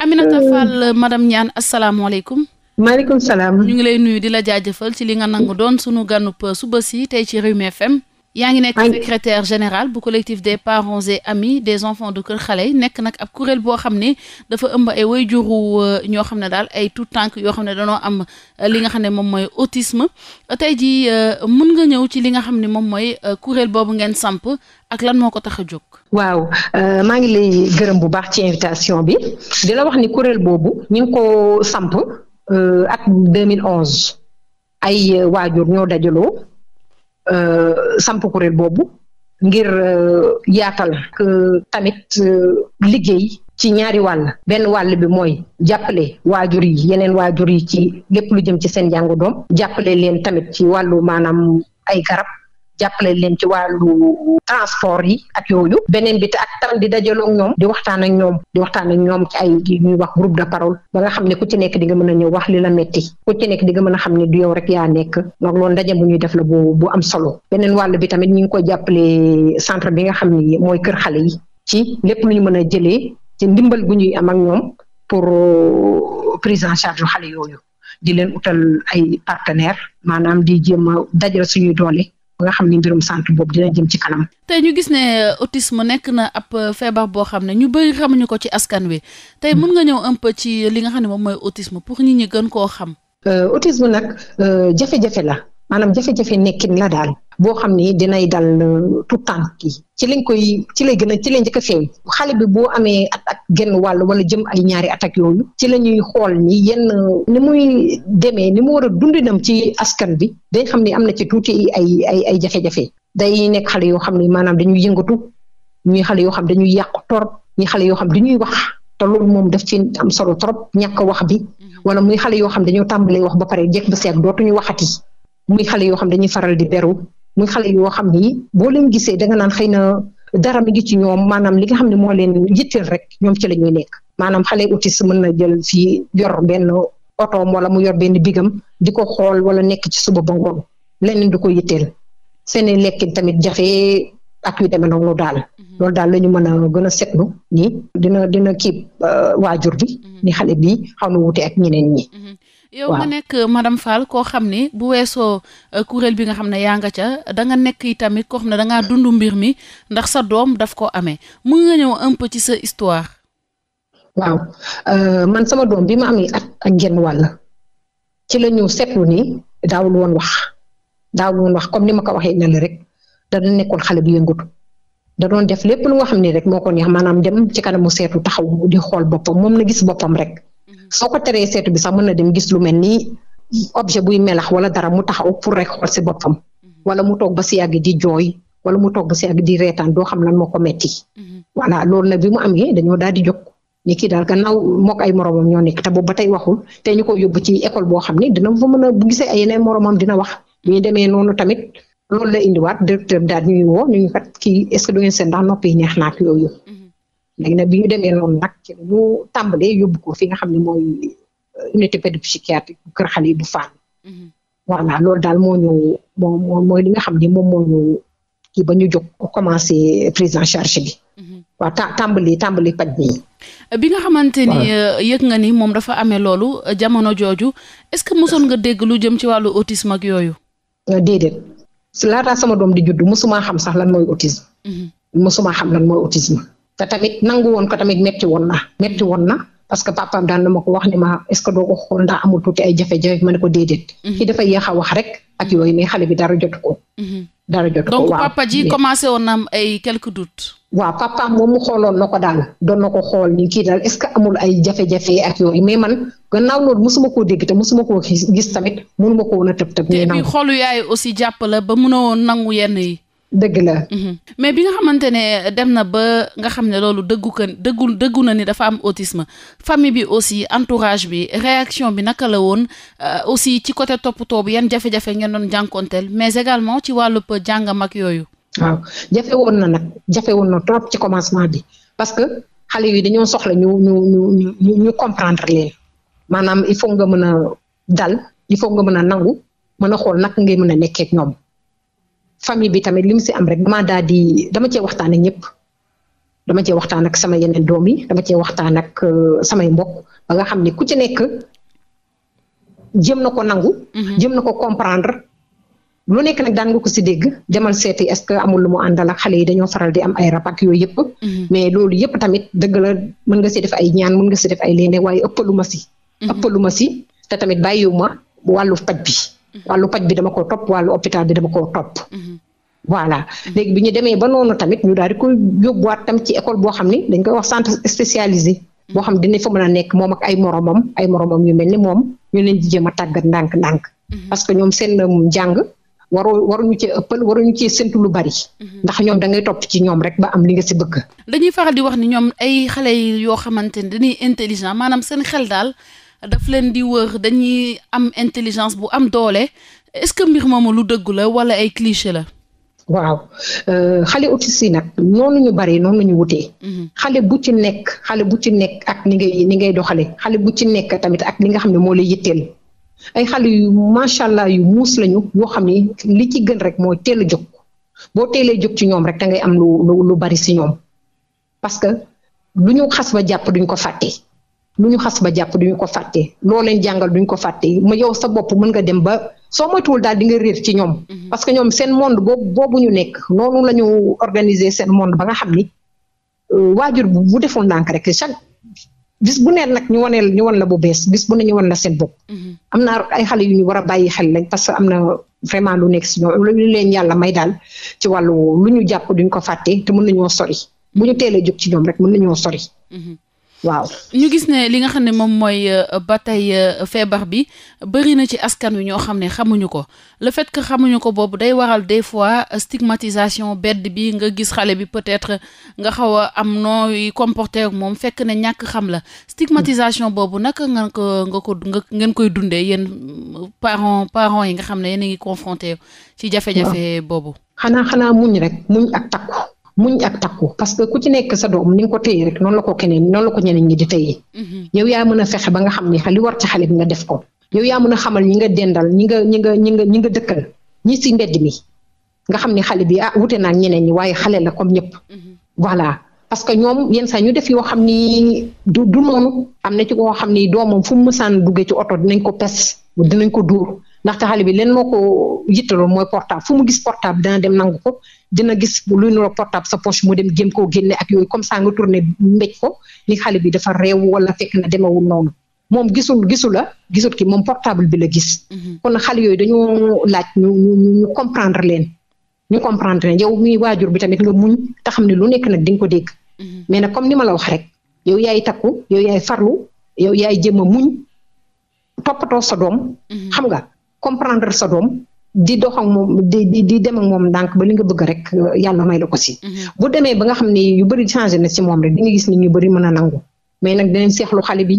Aminata Fall madame Niane asalaamaaleykum. maaleykum salaam. ñu ngi lay nuyu di la jaajëfal ci li nga nangu doon sunu ganub suba si tey ci Rewmi FM. yaa ngi nekk secrétaire général bu collectif des parents et amis des enfants de Kër Xale yi nekk nag ab kuréel boo xam ne dafa ëmb ay wayjuru euh, ñoo xam ne daal ay tout tànk yoo xam ne dañoo am euh, li nga xam ne moom mooy autisme tey jii euh, mën nga ñëw ci li nga xam ne moom mooy kuréel boobu ngeen samp ak lan moo ko tax a jóg. waaw euh, maa ngi lay gërëm bu baax ci invitation bi di la wax ni kuréel boobu ñu ngi ko samp euh, ak 2011 ay euh, waajur ñoo dajaloo samp kuréel boobu ngir yaatal tamit liggéey ci ñaari wàll benn wàll bi mooy jàppale waajur yi yeneen waajur yi ci lépp lu jëm ci seen jàngu doom jàppale leen tamit ci wàllu maanaam ay garab jàppale leen ci wàllu transport yi ak yooyu beneen bi te ak tam di dajaloo ñoom di waxtaan ak ñoom di waxtaan ak ñoom ci ay ñuy wax groupe de parole ba nga xam ne ku ci nekk di nga mën a ñëw wax li la metti ku ci nekk di nga mën a xam ne du yow rek yaa nekk donc loolu ndaje bu ñuy def la bu bu am solo beneen wàll bi tamit ñu ngi koy jàppale centre bi nga xam ne mooy kër xale yi ci lépp lu ñu mën a jëlee ci ndimbal gu ñuy am ak ñoom pour euh, prise en charge xale yooyu di leen utal ay partenaire maanaam di jéem a dajal suñuy doole ba nga xam ne mbirum santé boobu dina jëm ci kanam. tey ñu gis ne autisme nekk na ab feebar boo xam ne ñu bëri xamuñu ko ci askan wi te mën nga ñëw un peu ci li nga xam ne moom mooy autisme pour nit ñi gën koo xam. Euh, autisme nag euh, jafe-jafe la maanaam jafe-jafe nekkin la daal. boo xam ni dinay dal euh, tout temps yi ci lañ koy ci lay gën a ci lay njëkk xale bi boo amee at ak genn wàll wala jëm ay ñaari at ak yooyu ci la ñuy xool ni yenn ni muy demee ni mu war a dundinam ci askan bi dañ xam ni am na ci tuuti ay ay ay jafe-jafe day nekk xale yoo xam ni maanaam dañuy yëngatu ñuy xale yoo xam dañuy yàqu torop ñuy xale yoo xam dañuy wax te loolu moom daf ci am solo trop ñàkk wax bi mm-hmm. wala muy xale yo xam dañoo tàmbalee wax ba pare jekk ba seeg dootuñu waxati muy xale yoo xam dañuy faral di beru muy xale yoo xam ni boo leen gisee da nga naan xëy na dara mi ngi ci ñoom maanaam li nga xam ne moo leen yitteel rek ñoom ci la ñuy nekk maanaam xale autiste mën na jël fii yor benn otoom wala mu yor benn bigam di ko xool wala nekk ci suba ba ngoon leneen du ko yitteel seeni lekkin tamit jafe ak yu demee noonu daal mm-hmm. loolu daal la ñu mën a gën a seetlu ni dina dina kii euh, waajur bi mm-hmm. ni xale bi xaw na wute ak ñeneen ñi mm-hmm. yow nga nekk madame Fall koo xam ni bu weesoo euh, kuréel bi nga xam ne yaa nga ca da nekk yi tamit koo xam ne da ngaa dund mbir mi ndax sa doom daf ko amee mën nga ñëw un peu ci sa histoire. waaw euh, man sama doom bi ma amee at ak genn wàll ci la ñëw seetlu nii daawul woon wax daaw woon wax comme ni ma ko waxee ne la da dana nekkoon xale bu yëngatu da doon def lépp lu nga xam ne rek moo ko neex maanaam dem ci kanamu seetu taxaw di xool boppam moom na gis boppam rek. so ko teree seetu bi sax mën na dem gis lu mel ni objet buy melax wala dara mu taxaw pour rek xool si boppam mhm. wala mu toog ba si yàgg di jooy wala mu toog ba si yàgg di doo xam lan moo ko metti mhm. voilà loolu nag bi mu amee dañoo daal di jóg ni kii daal gannaaw mook ay moromam ñoo nekk te boobu ba tey te ñu ko yóbbu ci école boo xam ne dina fa mën a bu gisee ay yeneen dina wax bi ñu demee noonu tamit loolu la indiwaat directeur daal ñuy woo ñu kat kii est ce que du ngeen seen ndax noppi neex na yooyu mhm. léegi nag bi ñu demee loolu nag ci ñu tàmbalee yóbbu ko fi nga xam ni mooy euh, unité pédopsychiatrique bu kër xale yi bu Fann mm-hmm. voilà loolu daal moo ñu moo mooy li nga xam ni moom moo kii ba ñu jóg commencé prise en charge bi mm-hmm. waaw ta tàmbali tàmbali paj bi bi nga xamante ni euh, yëg nga ni moom dafa ame loolu euh, jamono jooju est-ce que mosoon nga déglu jëm ci wàllu autisme ak yooyu déedéet laataa sama doom di juddu mosumaa xam sax lan mooy autisme mm-hmm. mosumaa xam lan mooy autisme te tamit nangu woon ko tamit métti woon na métti woon na parce que papaam daan na ma ko wax ni ma est ce que doo ko xool ndax amul tuuti ay jafe-jafe ma ne ko déedéet. Mhm. ki dafa yéex a wax rek ak yooyu mais xale bi dara jotu ko. Mhm. dara jotu ko donc papa ji commencé woon am ay quelques doutes. waaw papaam mu xooloon na ko daal doon na ko xool ni kii daal est ce que amul ay jafe-jafe ak yooyu mais man gannaaw loolu mosuma koo dégg te mosuma koo gis tamit mënuma ko woon a tëb tëb. ñu nangu te bi yaay aussi jàpp la ba mënoo nangu yenn yi. dëgg la. Mhm. mais bi nga xamante ne dem na ba nga xam ne loolu dëggu ko dëggu dëggu na ni dafa am autisme famille bi aussi entourage bi réaction bi naka la woon euh, aussi ci côté toppatoo bi yan jafe-jafe ngeen doon jànkonteel mais également ci wàllub jàngam yooyu. waaw jafe woon na nag jafe woon trop ci commencement bi parce que xale yi dañoo soxla ñu ñu ñu ñu ñu comprendre leen maanaam il faut nga mën a dal il faut nga mën a nangu mën a xool naka ngay mën a nekkee ñoom. famille bi tamit li mu si am rek damaa daal di dama cee waxtaan ak ñëpp dama cee waxtaan ak sama yeneen doom yi dama cee waxtaan ak euh, samay mbokk ba nga xam ne ku ci nekk jëm na ko nangu. Mhm. jëm na ko comprendre. lu nekk nag daan nga ko si dégg demal seeti est-ce que amul lu mu àndal ak xale yi dañoo faral di am ay rab ak yooyu yëpp. Mhm. mais loolu yëpp tamit dëgg la mën nga si def ay ñaan mën nga si def ay leene waaye ëppalu ma si. Mhm. ëppalu ma si te tamit bàyyiwu ma wàllu faj bi. Mm-hmm. wàllu paj bi dama koo topp wàllu hôpital bi dama koo topp mm-hmm. voilà mm-hmm. léegi demee ba noonu tamit ñu daal di koy yóbbuwaat tam ci école boo xam ni dañ koy wax centre spécialisé boo xam dina fa mën a nekk moom ay moromam mel ni moom ñu leen di a tàggat ndànk-ndànk parce que ñoom seen um, njàng waroo waruñu cee ëppal waruñu cee séntu lu bari. ndax ñoom da ngay topp ci ñoom rek ba am li nga si bëgg dañuy faral di wax ni ñoom ay xale yoo xamante ne dañuy intelligent maanaam seen xel daal daf leen di wër dañuy am intelligence bu am doole est-ce que mbir moomu lu dëggu la wala ay cliché la. waaw euh, xale euh, autistes yi nag noonu ñu bari noonu ñu wutee mhm. xale mm -hmm. bu ci nekk xale bu ci nekk ak ni ngay ni ngay doxalee xale bu ci nekk tamit ak li nga xam ne moo lay yitteel ay xale yu macha allah yu muus lañu woo xam ni li ci gën rek mooy teel a jóg boo teelee jóg ci ñoom rek da ngay am lu lu lu bari si ñoom parce que lu ñu xas ba jàpp duñ ko fàtte lu ñu xas ba jàpp ñu ko fàtte loo leen jàngal duñu ko fàtte ma yow sa bopp mën nga dem ba soo moytuwul daal di nga réer ci ñoom. Mhm. parce que ñoom seen monde boobu boobu ñu nekk noonu la ñu organiser seen monde ba nga xam ni euh, waajur bu deful ndànk rek chaque bis bu neen nag ñu waneel ñu wan la bu bees bis bu ne ñu wan la seen bopp. Mhm. am na ay ñu war a bàyyi xel lañ parce que am na lu nekk si ñoom lu leen yàlla may daal ci wàllu lu ñu jàpp duñ ko fàtte te mën nañoo sori bu ñu teelee jóg ci ñoom rek mën nañoo sori. Mhm. waaw ñu gis ne li nga xam ne moom mooy euh, ba tey euh, feebar bi bëri na ci askan wi ñoo xam ne xamuñu ko le fait que xamuñu ko boobu day waral des fois stigmatisation bedd bi nga gis xale bi peut-être nga xaw a am nooy comporté moom fekk ne ñàkk xam la stigmatisation boobu naka nga ko nga ko nga ngeen koy dundee yéen parents parents yi nga xam ne yéen a ngi confronté ci jafe-jafe boobu xanaa xanaa muñ rek muñ ak takku muñ ak takku parce que ku ci nekk sa doom ni nga ko téye rek noonu la ko keneen noonu la ko ñeneen ñi di téye mm-hmm. yow yaa mën a fexe ba nga xam ne war ci xale nga def ko yow yaa mën a xamal ñi nga dendal ñi nga ñi nga ñi nga ñi nga dëkkal ñi si mbedd mi nga xam ni xale bi ah wute naa ñeneen ñi waaye xale la comme ñëpp mm-hmm. voilà parce que ñoom yenn saa ñu def yoo xam ni du du noonu am na ci koo xam ni doomam fu mu mësaan duggee ci oto dinañ ko pes dinañ ko dóor ndaxte xale bi leen moo ko yittaloon mooy portable fu mu gis portable dina dem nangu ko dina gis luy nuroo portable sa poche mu dem jëm koo génne ak yooyu comme ça nga ko ni xale bi dafa réew wala fekk na demewul noonu moom gisul gisu la gisul ki moom portable bi la gis. Mhm. kon xale yooyu dañoo laaj ñu ñu comprendre leen. ñu comprendre ne yow muy waajur bi tamit nga muñ te xam ne lu nekk nag di nga ko dégg. Mhm. mais nag comme ni ma la wax rek yow yaay takku yow yaay farlu yow yaay jéem a muñ toppatoo sa doom. Mhm. xam nga comprendre sa doom di dox ak moom di di di dem ak moom ndànk ba li nga bëgg rek euh, yàlla may la ko si. Mhm. bu demee ba nga xam ni yu bëri changé na si moom rek di nga gis ni ñu bëri mën a nangu mais nag dinañ seexlu xale bi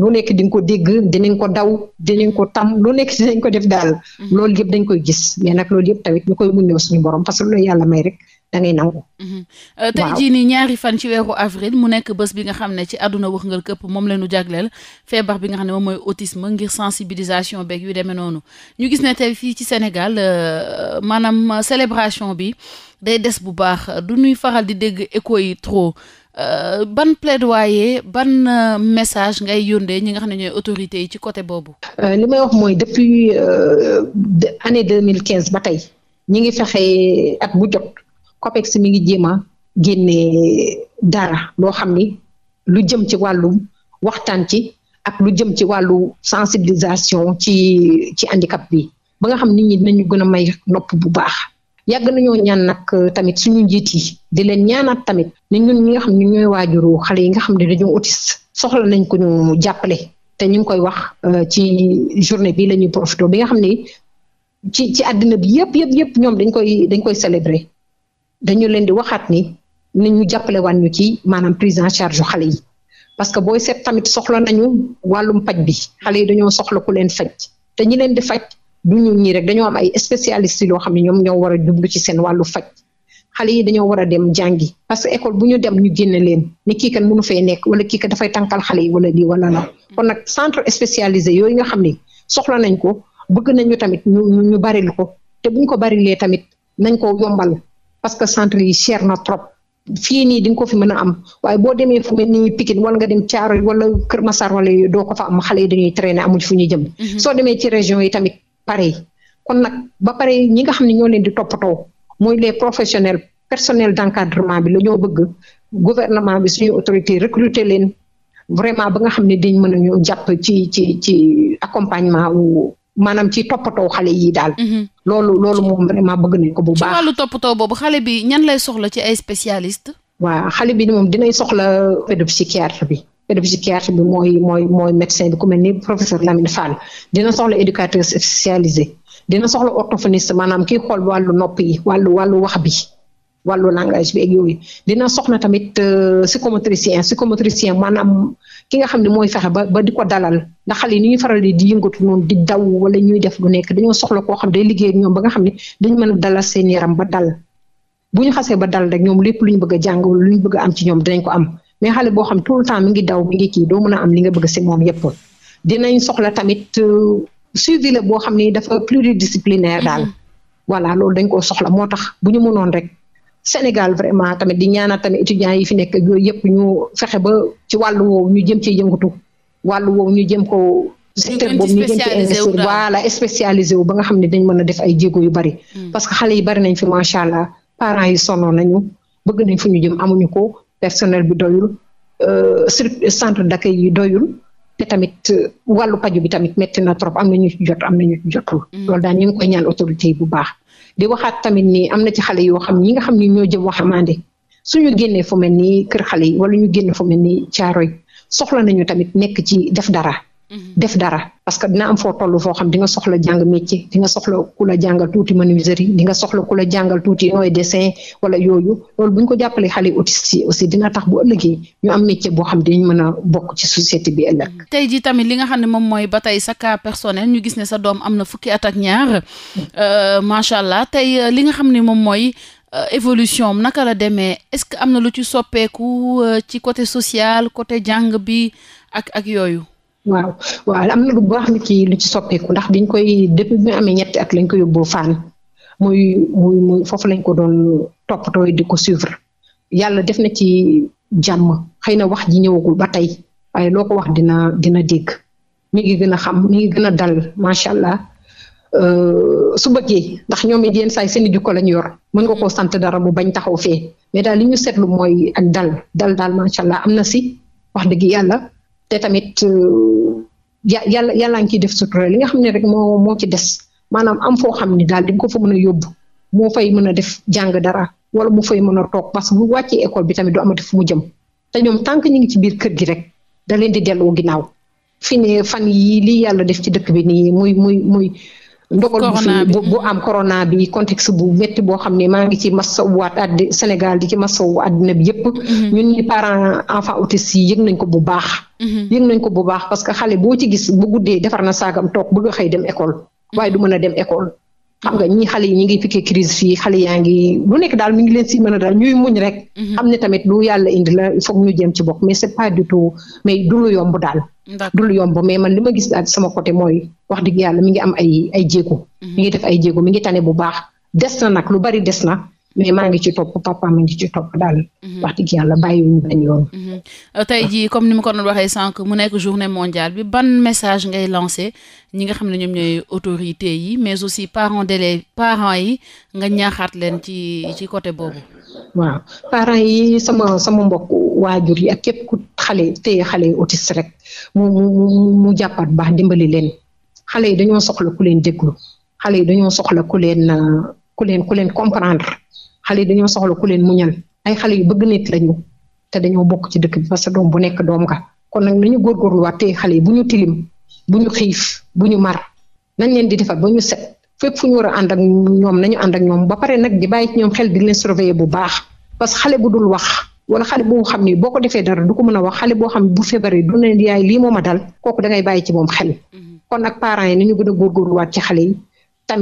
lu nekk di nga ko dégg dinañ ko daw dinañ ko tam lu nekk dinañ ko def daal. Mhm. loolu yëpp dañ koy gis mais nag loolu yëpp tamit ñu koy muññoo suñu borom parce que loolu yàlla may rek da ngay nangu. Mhm. Euh, tey jii nii ñaari fan ci weeru avril mu nekk bés bi nga xam ne ci àdduna wax nga këpp moom la ñu jagleel feebar bi nga xam ne moom mooy autisme ngir sensibilisation beeg yu demee noonu ñu gis ne tey fii ci Sénégal euh, maanaam célébration bi day des bu baax du ñuy faral di dégg écho yi trop. Euh, ban plaidoyer ban euh, message ngay yóndee ñi nga xam ne ñooy autorités yi ci côté boobu. Euh, li may wax mooy depuis euh, de, année deux mille quinze ba tey ñi ngi fexe ak bu jot COPEX mi ngi jéem a génnee dara loo xam ni lu jëm ci wàllu waxtaan ci ak lu jëm ci wàllu sensibilisation ci ci handicap bi ba nga xam nit ñi dinañu gën a may nopp bu baax yàgg nañoo ñaan nag euh, tamit suñu njiit yi di leen ñaanaat tamit ne ñun ñi nga xam ne ñooy waajuru xale yi nga xam ne dañoo autiste soxla nañ ko ñu jàppale te ñu ngi koy wax euh, ci journée bi la ñuy profité bi nga xam ne ci ci àddina bi yëpp yëpp yëpp ñoom dañ koy dañ koy célébrer dañoo leen di waxaat ni nu jàppale wan ñu ci maanaam prise en charge xale yi parce que booy seet tamit soxla nañu wàllum paj bi xale yi dañoo soxla ku leen faj te ñi leen di faj du ñu ñii rek dañoo am ay spécialistes yoo xam ne ñoom ñoo war a jublu ci seen wàllu faj xale yi dañoo war a dem jàngi parce que école bu ñu dem ñu génne leen ni kii kan mënu fee nekk wala kii kan dafay tànkal xale yi wala lii wala la kon nag centre spécialisé yooyu nga xam ne soxla nañ ko bëgg nañu tamit ñu ñu baril ko te buñ ko barilee tamit nañ ko yombal parce que centre yi cher na trop fii nii di ko fi mën a am waaye boo demee fu mel ni Pikine wala nga dem Thiaroye wala Kër Massar wala yooyu doo ko fa am xale yi dañuy traîner amuñ fu ñuy jëm. Mhm. soo demee ci région yi tamit pareil kon nag ba pare ñi nga xam ni ñoo leen di toppatoo mooy les professionnels personnel d'encadrement bi la ñoo bëgg gouvernement bi suñu autorité recruter leen vraiment ba nga xam ne dañ mën a ñoo jàpp ci ci ci accompagnement wu maanaam ci toppatoo xale yi daal. Mhm. loolu loolu moom vraiment bëgg nañ ko bu baax. ci wàllu toppatoo boobu xale bi ñan lay soxla ci ay spécialiste. waa xale bi moom dinañ soxla pédopsychiatre bi. pédopsychiatre bi mooy mooy mooy médecin bi ku mel ni professeur Lamine Fall dina soxla éducateur spécialisé dina soxla orthophoniste maanaam kii xool wàllu nopp yi wàllu wàllu wax bi. wàllu langage bi yooyu dina soxla tamit euh, psychomotricien psychomotricien maanaam ki nga xam ne mooy fexe ba ba di ko dalal ndax yi ni ñuy faral di di yëngatu noonu di daw wala ñuy def lu nekk dañoo soxla koo xam day liggéey ak ñoom ba nga xam ne dañu mën a seen yaram ba dal bu ñu xasee ba dal rek ñoom lépp lu ñu bëgg a jàng wala am ci ñoom dinañ ko am mais xale boo xam tout le temps mi ngi daw mi ngi kii doo mën a am li nga bëgg si moom dinañ soxla tamit euh, suivi boo xam ne dafa pluridisciplinaire daal mm-hmm. voilà loolu dañ koo soxla moo tax bu ñu mënoon rek Sénégal vraiment tamit di ñaanal tamit étudiants yi fi nekk yooyu yëpp ñu fexe ba ci wàllu woowu ñu jëm cee yëngatu wàllu woowu ñu jëm ko secteur boobu ñu jëm ci investir voilà wu ba nga xam ne dañ mën a def ay jéego yu bari hmm. parce que xale yi bari nañ fi macha allah parents yi sonnoon nañu bëgg nañ fi ñu jëm amuñu ko personnel bi doyul euh, centre d'accueil yi doyul te tamit euh, wàllu paju bi tamit metti na trop am na ñu jot am na ñu ci jotul hmm. loolu daal ñu ngi koy ñaan autorité yi bu baax di waxaat tamit ni am na ci xale yoo xam ñi nga xam ni ñoo jëm waxamande suñu génnee fu mel ni kër xale yi wala ñu génne fu mel ni caaroy soxla nañu tamit nekk ci def dara Mhm. def dara parce que dina am foo toll foo xam di nga soxla jàng métier di nga soxla ku la jàngal tuuti menuiserie di nga soxla ku la jàngal tuuti nooy dessin wala yooyu loolu bu ñu ko jàppalee xale autiste yi aussi dina tax bu ëllëgee ñu am métier boo xam dinañ mën a bokk ci bi ëllëg. tey jii tamit li nga xam ne moom mooy ba tey sa cas personnel ñu gis ne sa doom am na fukki at ak ñaar euh, macha allah tey euh, li nga xam ne moom mooy. Euh, évolution naka la demee est-ce que am na lu ci soppeeku ci côté social côté jàng bi ak ak yooyu. waaw waaw am na lu baax lu ci lu ci soppeeku ndax biñ koy depuis bi amee ñetti at lañ ko yóbboo faan muy muy muy foofu lañ ko doon toppatoo di ko suivre yàlla def na ci jàmm xëy na wax ji ñëwagul ba tey waaye loo ko wax dina dina dégg mi ngi gën xam mi ngi gën a dal macha allah euh, su bëggee ndax ñoom it yenn saa yi seen i jukko lañ yor mën nga koo sant dara mu bañ taxaw fee mais daal li ñu seetlu mooy ak dal dal daal macha allah am na si wax dëgg yàlla. te tamit euh, yàlla yàllaa ngi ciy def sutura li nga xam ne rek moo moo ci des maanaam am foo xam ne daal di ko fa mën a yóbbu moo fay mën a def jàng dara wala mu fay mën a toog parce que bu wàccee école bi tamit du amati fu mu jëm te ñoom tant que ñu ngi ci biir kër gi rek da leen di delloo ginnaaw fi ne fan yii lii yàlla def ci dëkk bi nii muy muy muy ndogal bu fi bu am corona bi contexte bu métti boo xam ne maa ngi ci masawuwaat addi Sénégal di ci masawu àddina bi yépp mhm. ñun ñi parents enfant autiste yi yëg nañ ko bu baax mhm. yëg nañ ko bu baax parce que xale boo ci gis bu guddee defar na saagam toog bëgg xëy dem école mhm. waaye du mën a dem école xam nga ñii xale yi ñu ngi piqué crise fii xale yaa ngi lu nekk daal mi ngi leen si mën a daal ñuy muñ rek. Mhm. xam ne tamit lu yàlla indi la il foog ñu jëm ci bokk mais c'est pas du tout mais du lu yomb daal. du lu yomb mais man li ma gis daal sama côté mooy wax dëgg yàlla mi ngi am ay ay jéego. Mhm. mi ngi def ay jéego mi ngi tane bu baax des na nag lu bari des na. mais maa ngi ci topp papa mi mhm. yàlla bàyyiwuñu benn mhm. euh, tey jii comme ni ma ko doon waxee sànq mu nekk journée mondiale bi ban message ngay lancé ñi nga xam ne ñoom ñooy autorité yi mais aussi parents d'élèves parents yi nga ñaaxaat leen ci ci côté boobu. waaw parents yi sama sama mbokk waajur yi ak képp ku xale téye xale autiste rek mu mu mu jàppaat baax dimbali leen xale yi dañoo soxla ku leen déglu xale yi dañoo soxla ku leen. Euh, ku leen ku leen comprendre xale yi dañoo soxla ku leen muñal ay xale yu bëgg nit lañu te dañoo bokk ci dëkk bi parce que doom bu nekk doom nga kon nag nañu góorgóorluwaat tey xale yi bu ñu tilim bu ñu xiif bu ñu mar nañ leen di defar ba ñu set fépp fu ñu war a ànd ak ñoom nañu ànd ak ñoom ba pare nag di bàyyi ñoom xel di leen surveiller bu baax parce que xale bu dul wax wala xale boo xam ni boo ko defee dara du ko mën a wax xale boo xam ne bu feebaree du ne yaay li moo ma dal kooku da ngay bàyyi ci moom xel mm-hmm. kon nag parents yi nañu a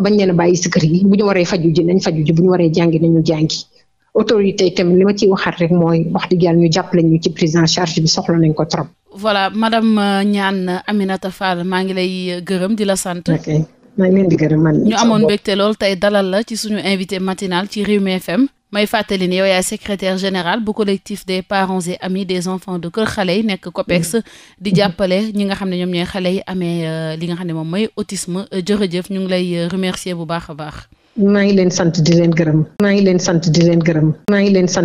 te bañ leen a bàyyi si kër yi bu ñu waree faju ji nañ faju ji bu ñu waree jàngi nañu jàngi autorité yi li ma ciy waxaat rek mooy wax dëgg yàlla ñu ñu ci prise en charge bi soxla nañ ko trop. voilà madame euh, Niane Aminata Fall maa ngi lay euh, gërëm di la sant. ok maa ngi leen di gërëm man. ñu amoon mbégte lool tey dalal la ci suñu invité matinal ci Rewmi may fàttali ne yow yaay secrétaire général bu collectif des parents et amis des enfants de kër xale yi nekk COPEX mm-hmm. di jàppale ñi nga xam ne ñoom ñooy xale yi amee euh, li nga xam ne moom mooy autisme euh, jërëjëf ñu ngi lay euh, remercier bu baax a baax. maa ngi leen sant di leen gërëm. maa ngi leen sant di leen gërëm. maa ngi leen sant.